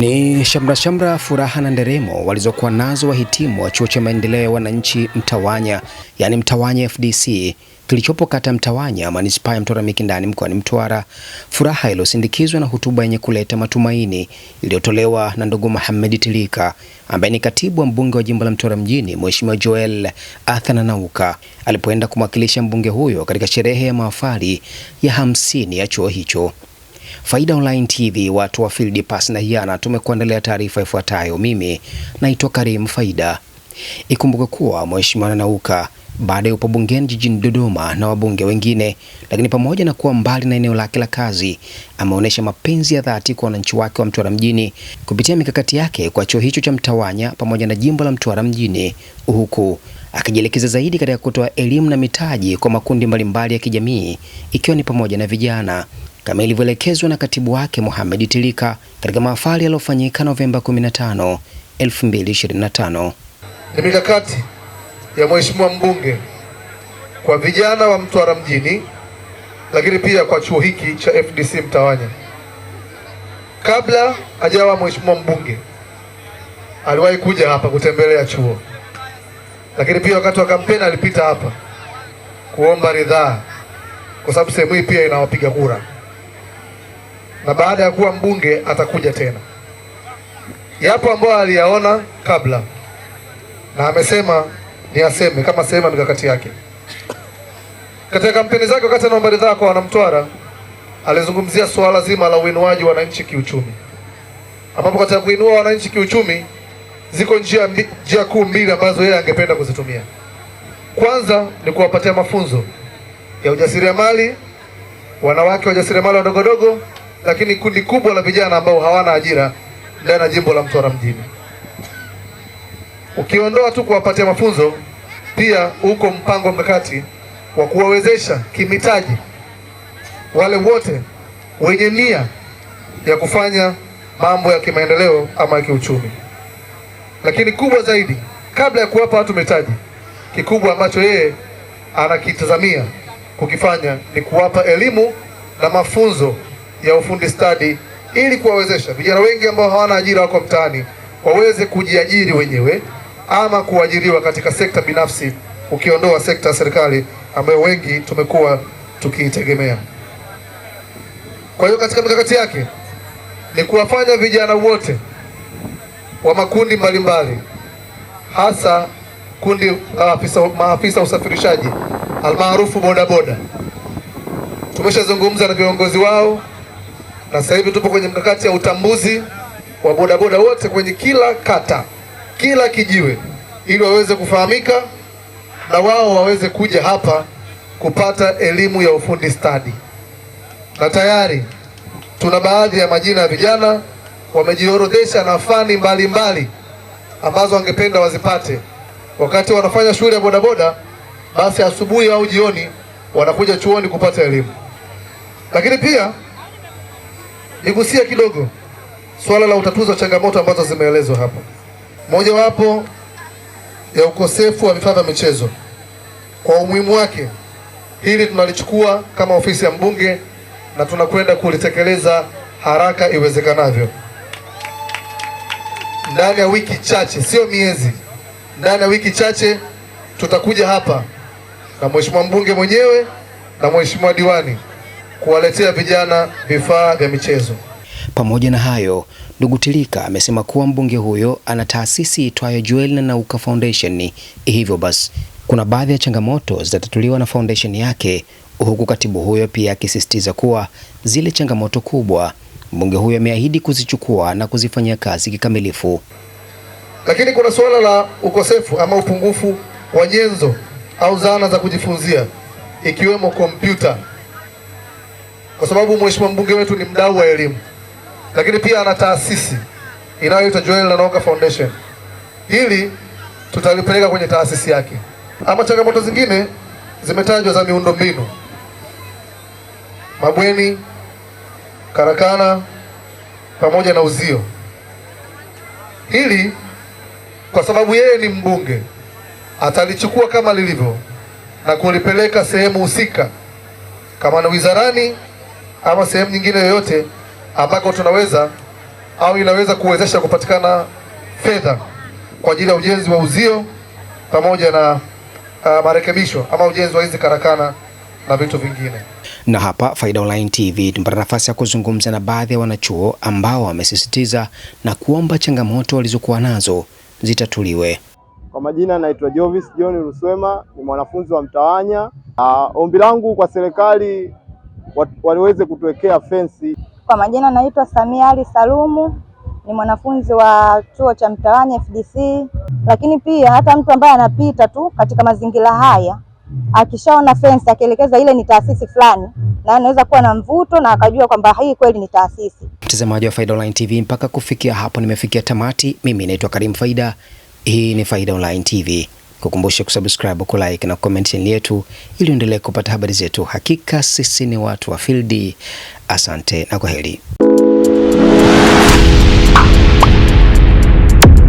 Ni shamra shamra, furaha na nderemo walizokuwa nazo wahitimu wa chuo cha maendeleo ya wananchi Mtawanya, yaani Mtawanya FDC kilichopo kata Mtawanya, manispaa ya Mtwara Mikindani, mkoani Mtwara, furaha iliyosindikizwa na hotuba yenye kuleta matumaini iliyotolewa na ndugu Mohamed Tilika ambaye ni katibu wa mbunge wa jimbo la Mtwara mjini, Mheshimiwa Joel Athana Nauka alipoenda kumwakilisha mbunge huyo katika sherehe ya mahafali ya hamsini ya chuo hicho. Faida Online TV, watu wa Field Pass na Hiana, tumekuandalia taarifa ifuatayo. Mimi naitwa Karim Faida. Ikumbuke kuwa Mheshimiwa Nanauka baada ya upo bungeni jijini Dodoma na wabunge wengine, lakini pamoja na kuwa mbali na eneo lake la kazi, ameonyesha mapenzi ya dhati kwa wananchi wake wa Mtwara mjini kupitia mikakati yake kwa chuo hicho cha Mtawanya pamoja na jimbo la Mtwara mjini, huku akijielekeza zaidi katika kutoa elimu na mitaji kwa makundi mbalimbali ya kijamii ikiwa ni pamoja na vijana kama ilivyoelekezwa na katibu wake Mohamed Tilika katika mahafali yaliyofanyika Novemba 15, 2025. Ni mikakati ya Mheshimiwa mbunge kwa vijana wa Mtwara mjini, lakini pia kwa chuo hiki cha FDC Mtawanya. Kabla ajawa Mheshimiwa mbunge aliwahi kuja hapa kutembelea chuo, lakini pia wakati wa kampeni alipita hapa kuomba ridhaa, kwa sababu sehemu hii pia inawapiga kura na baada ya kuwa mbunge atakuja tena. Yapo ambayo aliyaona kabla na amesema ni aseme kama sehemu ya mikakati yake katika kampeni zake. Wakati anaomba ridhaa kwa wanamtwara, alizungumzia suala zima la uinuaji wa wananchi kiuchumi, ambapo katika kuinua wananchi kiuchumi ziko njia, njia kuu mbili ambazo yeye angependa kuzitumia. Kwanza ni kuwapatia mafunzo ya ujasiriamali wanawake wajasiriamali wadogodogo lakini kundi kubwa la vijana ambao hawana ajira ndani ya jimbo la Mtwara mjini. Ukiondoa tu kuwapatia mafunzo, pia uko mpango mkakati wa kuwawezesha kimitaji wale wote wenye nia ya kufanya mambo ya kimaendeleo ama ya kiuchumi. Lakini kubwa zaidi, kabla ya kuwapa watu mitaji, kikubwa ambacho yeye anakitazamia kukifanya ni kuwapa elimu na mafunzo ya ufundi stadi ili kuwawezesha vijana wengi ambao hawana ajira wako mtaani waweze kujiajiri wenyewe ama kuajiriwa katika sekta binafsi, ukiondoa sekta ya serikali ambayo wengi tumekuwa tukiitegemea. Kwa hiyo katika mikakati yake ni kuwafanya vijana wote wa makundi mbalimbali hasa kundi maafisa maafisa usafirishaji almaarufu bodaboda. Tumeshazungumza na viongozi wao na sasa hivi tupo kwenye mkakati ya utambuzi wa bodaboda wote kwenye kila kata, kila kijiwe, ili waweze kufahamika na wao waweze kuja hapa kupata elimu ya ufundi stadi, na tayari tuna baadhi ya majina ya vijana wamejiorodhesha na fani mbalimbali mbali ambazo wangependa wazipate wakati wanafanya shughuli ya bodaboda, basi asubuhi au jioni wanakuja chuoni kupata elimu, lakini pia Nigusie kidogo swala la utatuzi wa changamoto ambazo zimeelezwa hapo. Mojawapo ya ukosefu wa vifaa vya michezo, kwa umuhimu wake hili tunalichukua kama ofisi ya mbunge na tunakwenda kulitekeleza haraka iwezekanavyo ndani ya wiki chache, sio miezi, ndani ya wiki chache tutakuja hapa na mheshimiwa mbunge mwenyewe na mheshimiwa diwani kuwaletea vijana vifaa vya michezo. Pamoja na hayo, ndugu Tilika amesema kuwa mbunge huyo ana taasisi itwayo Joel na Nauka Foundation, hivyo basi kuna baadhi ya changamoto zitatatuliwa na foundation yake, huku katibu huyo pia akisisitiza kuwa zile changamoto kubwa mbunge huyo ameahidi kuzichukua na kuzifanyia kazi kikamilifu. Lakini kuna suala la ukosefu ama upungufu wa nyenzo au zana za kujifunzia ikiwemo kompyuta kwa sababu mheshimiwa mbunge wetu ni mdau wa elimu, lakini pia ana taasisi inayoitwa Joel Lanoga Foundation. Hili tutalipeleka kwenye taasisi yake. Ama changamoto zingine zimetajwa za miundombinu, mabweni, karakana pamoja na uzio. Hili kwa sababu yeye ni mbunge atalichukua kama lilivyo na kulipeleka sehemu husika kama ni wizarani ama sehemu nyingine yoyote ambako tunaweza au inaweza kuwezesha kupatikana fedha kwa ajili ya ujenzi wa uzio pamoja na uh, marekebisho ama ujenzi wa hizi karakana na vitu vingine. Na hapa Faida Online TV tumepata nafasi ya kuzungumza na baadhi ya wanachuo ambao wamesisitiza na kuomba changamoto walizokuwa nazo zitatuliwe. Kwa majina naitwa Jovis John Ruswema, ni mwanafunzi wa Mtawanya. Uh, ombi langu kwa serikali waliweze kutuwekea fensi. Kwa majina naitwa Samia Ali Salumu, ni mwanafunzi wa chuo cha Mtawanya FDC. Lakini pia hata mtu ambaye anapita tu katika mazingira haya akishaona fensi, akielekeza ile ni taasisi fulani, na anaweza kuwa na mvuto na akajua kwamba hii kweli ni taasisi. Mtazamaji wa Faida Online TV, mpaka kufikia hapo nimefikia tamati. Mimi naitwa Karim Faida, hii ni Faida Online TV kukumbusha kusubscribe, kulike na comment chini yetu ili uendelee kupata habari zetu. Hakika sisi ni watu wa fildi. Asante na kwaheri.